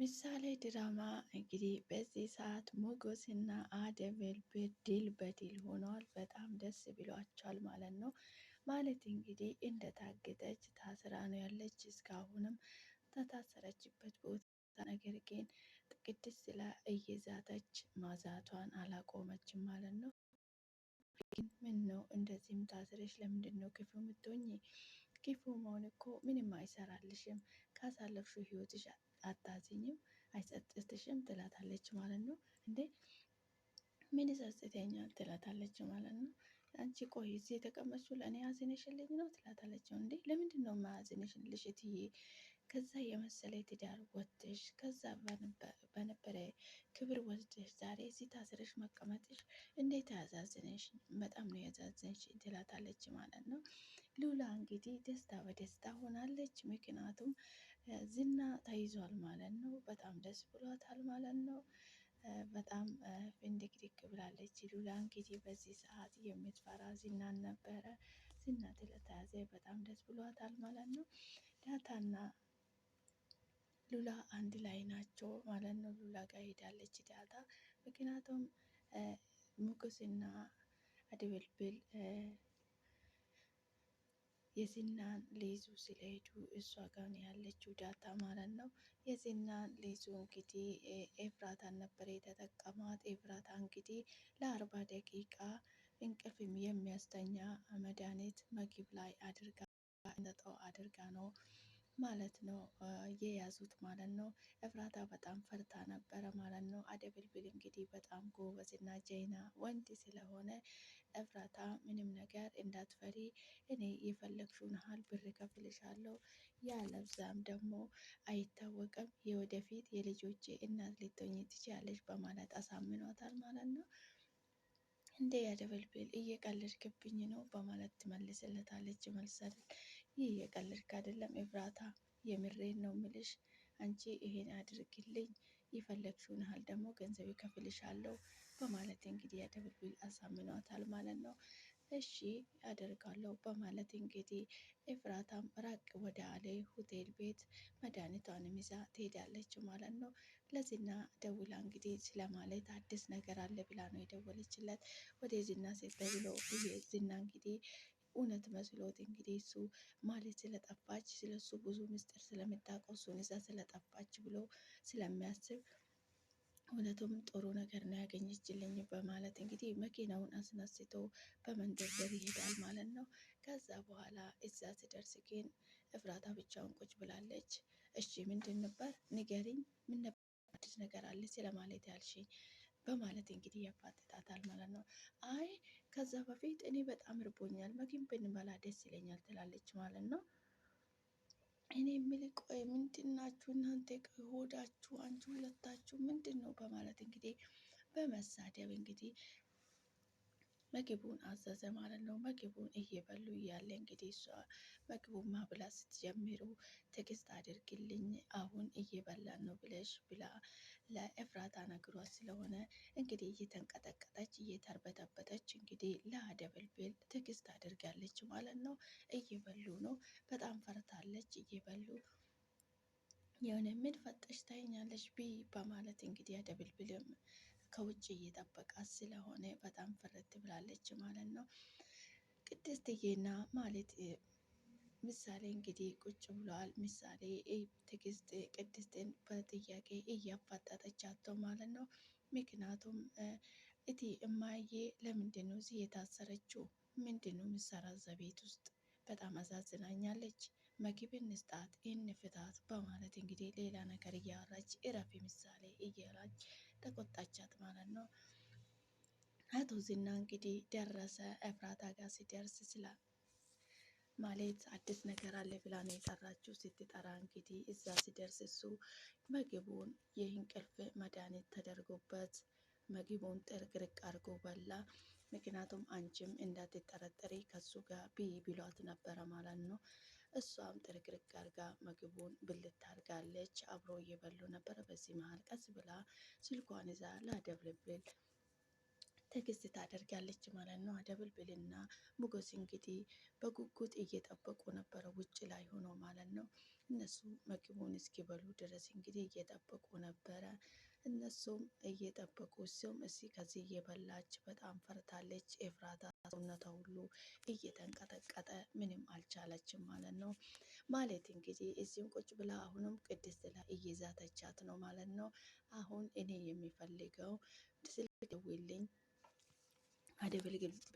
ምሳሌ ድራማ እንግዲህ በዚህ ሰዓት ሞገስና አደብል ድል በድል ሆነዋል። በጣም ደስ ብሏቸዋል ማለት ነው። ማለት እንግዲህ እንደታገተች ታስራ ነው ያለች። እስካሁንም ተታሰረችበት ቦታ ነገር ግን ቅድስት ስላ እየዛተች ማዛቷን አላቆመችም ማለት ነው። ግን ምን ነው እንደዚህም ታስረች ለምንድን ነው ክፉ የምትሆኝ? ክፉ መሆን እኮ ምንም አይሰራልሽም። ካሳለፍሽው ህይወትሽ አታዝኝም፣ አይጸጽትሽም ትላታለች ማለት ነው። እንዴ ምን ይጸጽተኛል ትላታለች ማለት ነው። አንቺ ቆይ እዚህ የተቀመጥሽው ለእኔ አዝነሽልኝ ነው ትላታለች። እንዴ ለምንድን ነው ማዝነሽልሽ እትዬ? ከዛ የመሰለ ትዳር ወጥሽ ከዛ በነበረ ክብር ወስደሽ ዛሬ እዚህ ታስረሽ መቀመጥሽ እንዴት ያዛዝንሽ! በጣም ነው ያዛዝነሽ ትላታለች ማለት ነው። ሉላ እንግዲህ ደስታ በደስታ ሆናለች። ምክንያቱም ዝና ተይዟል ማለት ነው። በጣም ደስ ብሏታል ማለት ነው። በጣም ፍንድቅድቅ ብላለች። ሉላ እንግዲህ በዚህ ሰዓት የምትፈራ ዝናን ነበረ። ዝና ስለተያዘ በጣም ደስ ብሏታል ማለት ነው። ዳታና ሉላ አንድ ላይ ናቸው ማለት ነው። ሉላ ጋር ሄዳለች ዳታ። ምክንያቱም ሙክስና አድብልብል የዝናን ሊይዙ ስለሄዱ እሷ ጋር ያለችው ዳታ ማለት ነው። የዝናን ሊይዙ እንግዲህ ኤፍራታን ነበር የተጠቀማት። ኤፍራታ እንግዲህ ለአርባ ደቂቃ እንቅልፍ የሚያስተኛ መድኃኒት ምግብ ላይ አድርጋ ነጠው አድርጋ ነው ማለት ነው የያዙት ማለት ነው። ኤፍራታ በጣም ፈርታ ነበረ ማለት ነው። አደብልብል እንግዲህ በጣም ጎበዝና ጀይና ወንድ ስለሆነ እፍራታ ምንም ነገር እንዳትፈሪ እኔ የፈለግሽውን ያህል ብር ከፍልሻለሁ። ያለዛም ደግሞ አይታወቅም የወደፊት የልጆቼ እናት ልትሆኚ ትችያለሽ በማለት አሳምኗታል ማለት ነው። እንዴ ያደበልብል እየቀለድክብኝ ነው በማለት ትመልስለታለች። መልሰል ይህ እየቀለድክ አይደለም እፍራታ፣ የምሬን ነው ምልሽ አንቺ ይሄን አድርግልኝ የፈለግሽውን ያህል ደግሞ ገንዘብ ይከፍልሻለሁ በማለት እንግዲህ የድብልብል አሳምኗታል ማለት ነው። እሺ አደርጋለሁ በማለት እንግዲህ ኤፍራታም ራቅ ወደ አለ ሆቴል ቤት መድኃኒቷን ይዛ ትሄዳለች ማለት ነው። ለዝና ደውላ እንግዲህ ስለማለት አዲስ ነገር አለ ብላ ነው የደወለችለት። ወደ ዝና ሴት ደውሎ ዝና እንግዲህ እውነት መስሎት እንግዲህ እሱ ማለት ስለጠፋች ስለሱ ብዙ ምስጢር ስለምታውቀው እሱን ይዛ ስለጠፋች ብሎ ስለሚያስብ እውነቱም ጥሩ ነገር ነው ያገኘችልኝ በማለት እንግዲህ መኪናውን አስነስቶ በመንደርደር ይሄዳል ማለት ነው። ከዛ በኋላ እዛ ስደርስ ግን እፍራታ ብቻውን ቁጭ ብላለች። እሺ ምንድን ነበር ንገሪኝ፣ ምን ነበር አዲስ ነገር አለ ስለማለት ያልሽኝ በማለት እንግዲህ ያፋጥጣታል ማለት ነው። አይ ከዛ በፊት እኔ በጣም እርቦኛል ምግብ ብንበላ ደስ ይለኛል ትላለች ማለት ነው። እኔ የምል ቆይ ምንድናችሁ እናንተ ሆዳችሁ አንቺ ሁለታችሁ ምንድን ነው በማለት እንግዲህ በመሳደብ እንግዲህ ምግቡን አዘዘ ማለት ነው። ምግቡን እየበሉ እያለ እንግዲህ እሷ ምግቡን ማብላት ስትጀምሩ ትግስት አድርግልኝ አሁን እየበላን ነው ብለሽ ብላ ለእፍራታ ነግሯት ስለሆነ እንግዲህ እየተንቀጠቀጠች እየተርበተበተች እንግዲህ ለአደበልቤል ትግስት አድርጋለች ማለት ነው። እየበሉ ነው። በጣም ፈርታለች። እየበሉ የሆነ ምን ፈጠሽ ታይኛለች ቢ በማለት እንግዲህ አደብልብልም ከውጭ እየጠበቃት ስለሆነ በጣም ፍርት ብላለች ማለት ነው። ቅድስትዬና ማለት ምሳሌ እንግዲህ ቁጭ ብሏል። ምሳሌ ትግስት ቅድስትን በጥያቄ እያፋጠጠቻቸው ማለት ነው። ምክንያቱም እቲ እማዬ ለምንድን ነው እዚህ የታሰረችው? ምንድን ነው እዛ ቤት ውስጥ? በጣም አሳዝናኛለች። ምግብ እንስጣት፣ እንፍታት በማለት እንግዲህ ሌላ ነገር እያወራች እረፊ ምሳሌ እያላች ተቆጣቻት ማለት ነው። አቶ ዝና እንግዲህ ደረሰ። ኤፍራታ ጋር ሲደርስ ስላል ማለት አዲስ ነገር አለ ብላ ነው የጠራችው። ስትጠራ እንግዲህ እዛ ሲደርስ እሱ ምግቡን የእንቅልፍ መድኃኒት ተደርጎበት ምግቡን ጥርቅርቅ አድርጎ በላ። ምክንያቱም አንቺም እንዳትጠረጠሪ ከሱ ጋር ብይ ብሏት ነበረ ማለት ነው። እሷም ጥርቅርቅ አርጋ ምግቡን ብልት አርጋለች። አብሮ እየበሉ ነበረ። በዚህ መሀል ቀስ ብላ ስልኳን ይዛ ለአደብልብል ትግስት ታደርጋለች ማለት ነው። እና ሞገስ እንግዲህ በጉጉት እየጠበቁ ነበረ ውጭ ላይ ሆኖ ማለት ነው። እነሱ ምግቡን እስኪበሉ ድረስ እንግዲህ እየጠበቁ ነበረ። እነሱም እየጠበቁ እሱም እዚህ ከዚህ እየበላች በጣም ፈርታለች። ኤፍራታ ሰውነቷ ሁሉ እየተንቀጠቀጠ ምንም አልቻለችም ማለት ነው። ማለት እንግዲህ እዚህም ቁጭ ብላ አሁንም ቅድስት ላይ እየዛተቻት ነው ማለት ነው። አሁን እኔ የሚፈልገው ስልክ ደውልኝ አደ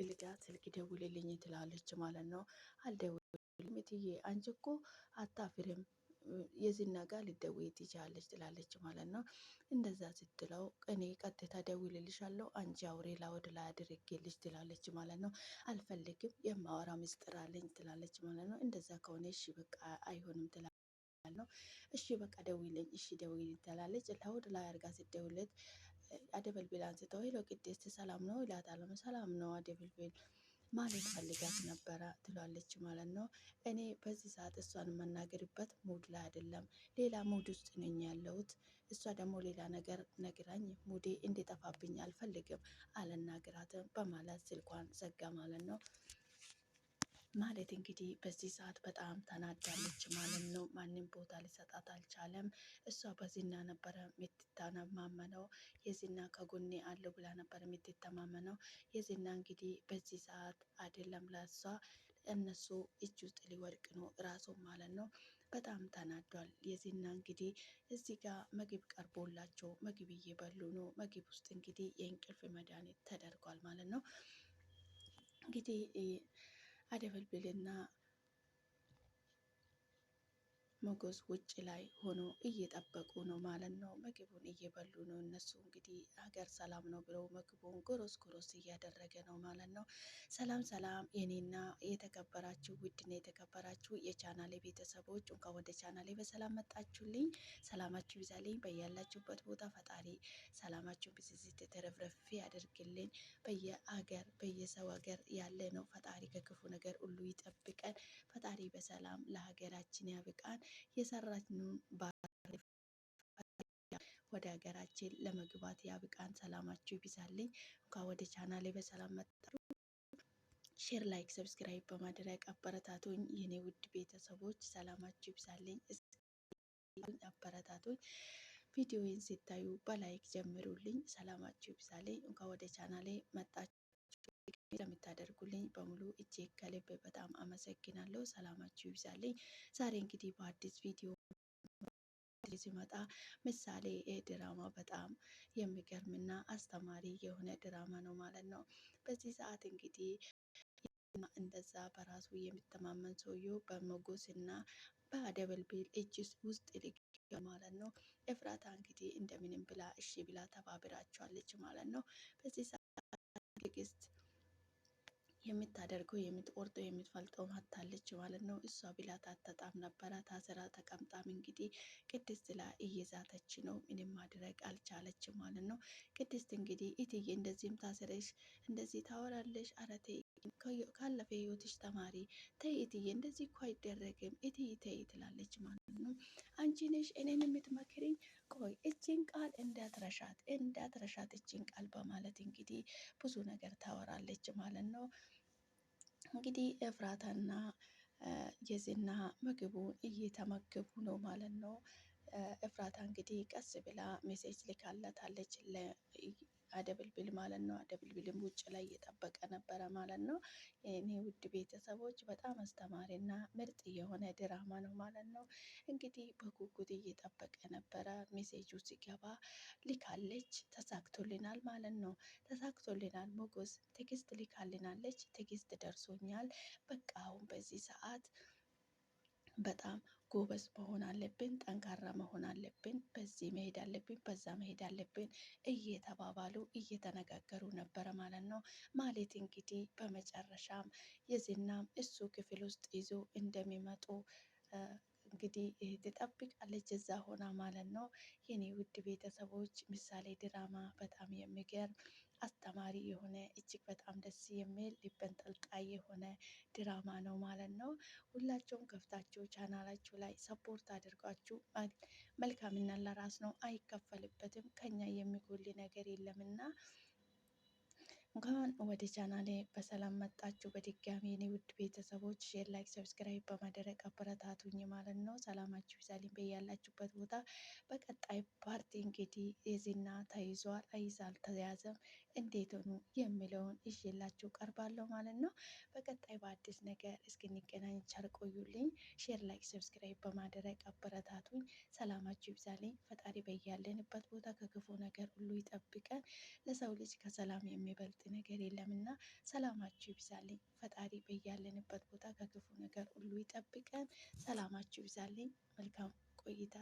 ብልጋ ስልክ ደውልልኝ ትላለች ማለት ነው። አልደውልም እትዬ አንቺ እኮ አታፍርም የዝና ጋር ልደውይ ትችላለች ትላለች ማለት ነው። እንደዛ ስትለው እኔ ቀጥታ ደውልልሻለሁ አንቺ አውሬ ላወድ ላይ አድርጌልሽ ትላለች ማለት ነው። አልፈልግም የማወራ ምስጢር አለኝ ትላለች ማለት ነው። እንደዛ ከሆነ እሺ በቃ አይሆንም ትላለች ነው። እሺ በቃ ደውልኝ፣ እሺ ደውልኝ ትላለች። ለሆድ ላይ አድርጋ ስትደውልለት አደበልቤል አንስተው ሄሎ ቅድስት ሰላም ነው ይላታል። ሰላም ነው አደበልቤል ማለት ፈልጋት ነበረ ትላለች ማለት ነው። እኔ በዚህ ሰዓት እሷን የምናገርበት ሙድ ላይ አይደለም፣ ሌላ ሙድ ውስጥ ነኝ ያለሁት። እሷ ደግሞ ሌላ ነገር ነግራኝ ሙዴ እንዲጠፋብኝ አልፈልግም፣ አልናግራትም በማለት ስልኳን ዘጋ ማለት ነው። ማለት እንግዲህ በዚህ ሰዓት በጣም ተናዳለች ማለት ነው። ማንም ቦታ ሊሰጣት አልቻለም። እሷ በዝና ነበረ የምትተማመነው። የዝና ከጎኔ አለው ብላ ነበር የምትተማመነው። የዝና እንግዲህ በዚህ ሰዓት አይደለም ላሷ እነሱ እጅ ውስጥ ሊወድቅ ነው ራሱ ማለት ነው። በጣም ተናዷል። የዝና እንግዲህ እዚህ ጋር ምግብ ቀርቦላቸው ምግብ እየበሉ ነው። ምግብ ውስጥ እንግዲህ የእንቅልፍ መድኃኒት ተደርጓል ማለት ነው እንግዲህ I never believed that. ሞገስ ውጭ ላይ ሆኖ እየጠበቁ ነው ማለት ነው። ምግቡን እየበሉ ነው እነሱ እንግዲህ ሀገር ሰላም ነው ብለው ምግቡን ጎሮስ ጎሮስ እያደረገ ነው ማለት ነው። ሰላም ሰላም፣ የኔና የተከበራችሁ ውድና የተከበራችሁ የቻናሌ ቤተሰቦች እንኳን ወደ ቻናሌ በሰላም መጣችሁልኝ። ሰላማችሁ ይዛልኝ በያላችሁበት ቦታ ፈጣሪ ሰላማችሁን ብዝዝት የተረፍረፍ ያደርግልኝ። በየአገር በየሰው ሀገር ያለ ነው ፈጣሪ ከክፉ ነገር ሁሉ ይጠብቀን። ፈጣሪ በሰላም ለሀገራችን ያብቃን። የሰራችንም ወደ ሀገራችን ለመግባት ያብቃን። ሰላማችሁ ይብዛልኝ። እንኳን ወደ ቻናሌ በሰላም መጣችሁ። ሼር፣ ላይክ፣ ሰብስክራይብ በማድረግ አበረታቶኝ የኔ ውድ ቤተሰቦች ሰላማችሁ ይብዛልኝ። አበረታቶኝ ቪዲዮውን ሲታዩ በላይክ ጀምሩልኝ። ሰላማችሁ ይብዛልኝ። እንኳን ወደ ቻናሌ መጣችሁ። ለምታደርጉልኝ በሙሉ እጅግ ከልብ በጣም አመሰግናለሁ። ሰላማችሁ ይብዛልኝ። ዛሬ እንግዲህ በአዲስ ቪዲዮ ሲመጣ ምሳሌ ድራማ በጣም የሚገርምና አስተማሪ የሆነ ድራማ ነው ማለት ነው። በዚህ ሰዓት እንግዲህ እንደዛ በራሱ የሚተማመን ሰውዬው በመጎስ እና በአደበልቤል እጅ ውስጥ ልግ ማለት ነው። ኤፍራታ እንግዲህ እንደምንም ብላ እሺ ብላ ተባብራቸዋለች ማለት ነው። በዚህ ሰዓት ትዕግስት የምታደርገው የምትቆርጠው የምትፈልጠው አታለች ማለት ነው። እሷ ብላት አታጣም ነበረ። ታስራ ተቀምጣም እንግዲህ ቅድስት ላይ እየዛተች ነው። ምንም ማድረግ አልቻለች ማለት ነው። ቅድስት እንግዲህ እትዬ እንደዚህም ታስረሽ እንደዚህ ታወራለሽ፣ አረቴ ካለፈ ህይወትሽ ተማሪ ተይ እትዬ፣ እንደዚህ እኮ አይደረግም እትዬ ተይ ትላለች ማለት ነው። አንቺ ነሽ እኔን የምትመክሪኝ ቆይ እችን ቃል እንዳትረሻት እንዳትረሻት እችን ቃል በማለት እንግዲህ ብዙ ነገር ታወራለች ማለት ነው። እንግዲህ እፍራታና የዝና ምግቡን እየተመገቡ ነው ማለት ነው። እፍራታ እንግዲህ ቀስ ብላ ሜሴጅ ልካላታለች አደብልብል ማለት ነው። አደብልብልም ውጭ ላይ እየጠበቀ ነበረ ማለት ነው። እኔ ውድ ቤተሰቦች በጣም አስተማሪ እና ምርጥ የሆነ ድራማ ነው ማለት ነው። እንግዲህ በጉጉት እየጠበቀ ነበረ። ሜሴጁ ሲገባ ልካለች፣ ተሳክቶልናል ማለት ነው። ተሳክቶልናል ሞጎስ ትግስት ልካልናለች። ትግስት ደርሶኛል። በቃ አሁን በዚህ ሰዓት በጣም ጎበዝ መሆን አለብን፣ ጠንካራ መሆን አለብን፣ በዚህ መሄድ አለብን፣ በዛ መሄድ አለብን እየተባባሉ እየተነጋገሩ ነበረ ማለት ነው። ማለት እንግዲህ በመጨረሻም የዝናም እሱ ክፍል ውስጥ ይዞ እንደሚመጡ እንግዲህ ትጠብቃለች እዛ ሆና ማለት ነው። የኔ ውድ ቤተሰቦች ምሳሌ ድራማ በጣም የሚገርም አስተማሪ የሆነ እጅግ በጣም ደስ የሚል ልብን ጠልቃይ የሆነ ድራማ ነው ማለት ነው። ሁላቸውም ከፍታችሁ ቻናላችሁ ላይ ሰፖርት አድርጓችሁ መልካምና ለራስ ነው አይከፈልበትም። ከኛ የሚጎል ነገር የለምና እንኳን ወደ ቻናሌ በሰላም መጣችሁ። በድጋሚ እኔ ውድ ቤተሰቦች ሼር፣ ላይክ፣ ሰብስክራይብ በማድረግ አበረታቱኝ ማለት ነው። ሰላማችሁ ይብዛልኝ በያላችሁበት ቦታ። በቀጣይ ፓርቲ እንግዲህ የዝና ተይዟል አይዝ እንዴት ሆኑ የሚለውን ይዤላችሁ ቀርባለሁ ማለት ነው። በቀጣይ በአዲስ ነገር እስክንገናኝ ቸር ቆዩልኝ። ሼር፣ ላይክ፣ ሰብስክራይብ በማድረግ አበረታቱኝ። ሰላማችሁ ይብዛልኝ። ፈጣሪ በያለንበት ቦታ ከክፉ ነገር ሁሉ ይጠብቀን። ለሰው ልጅ ከሰላም የሚበልጥ ነገር የለምና ሰላማችሁ ይብዛልኝ። ፈጣሪ በያለንበት ቦታ ከክፉ ነገር ሁሉ ይጠብቀን። ሰላማችሁ ይብዛልኝ። መልካም ቆይታ።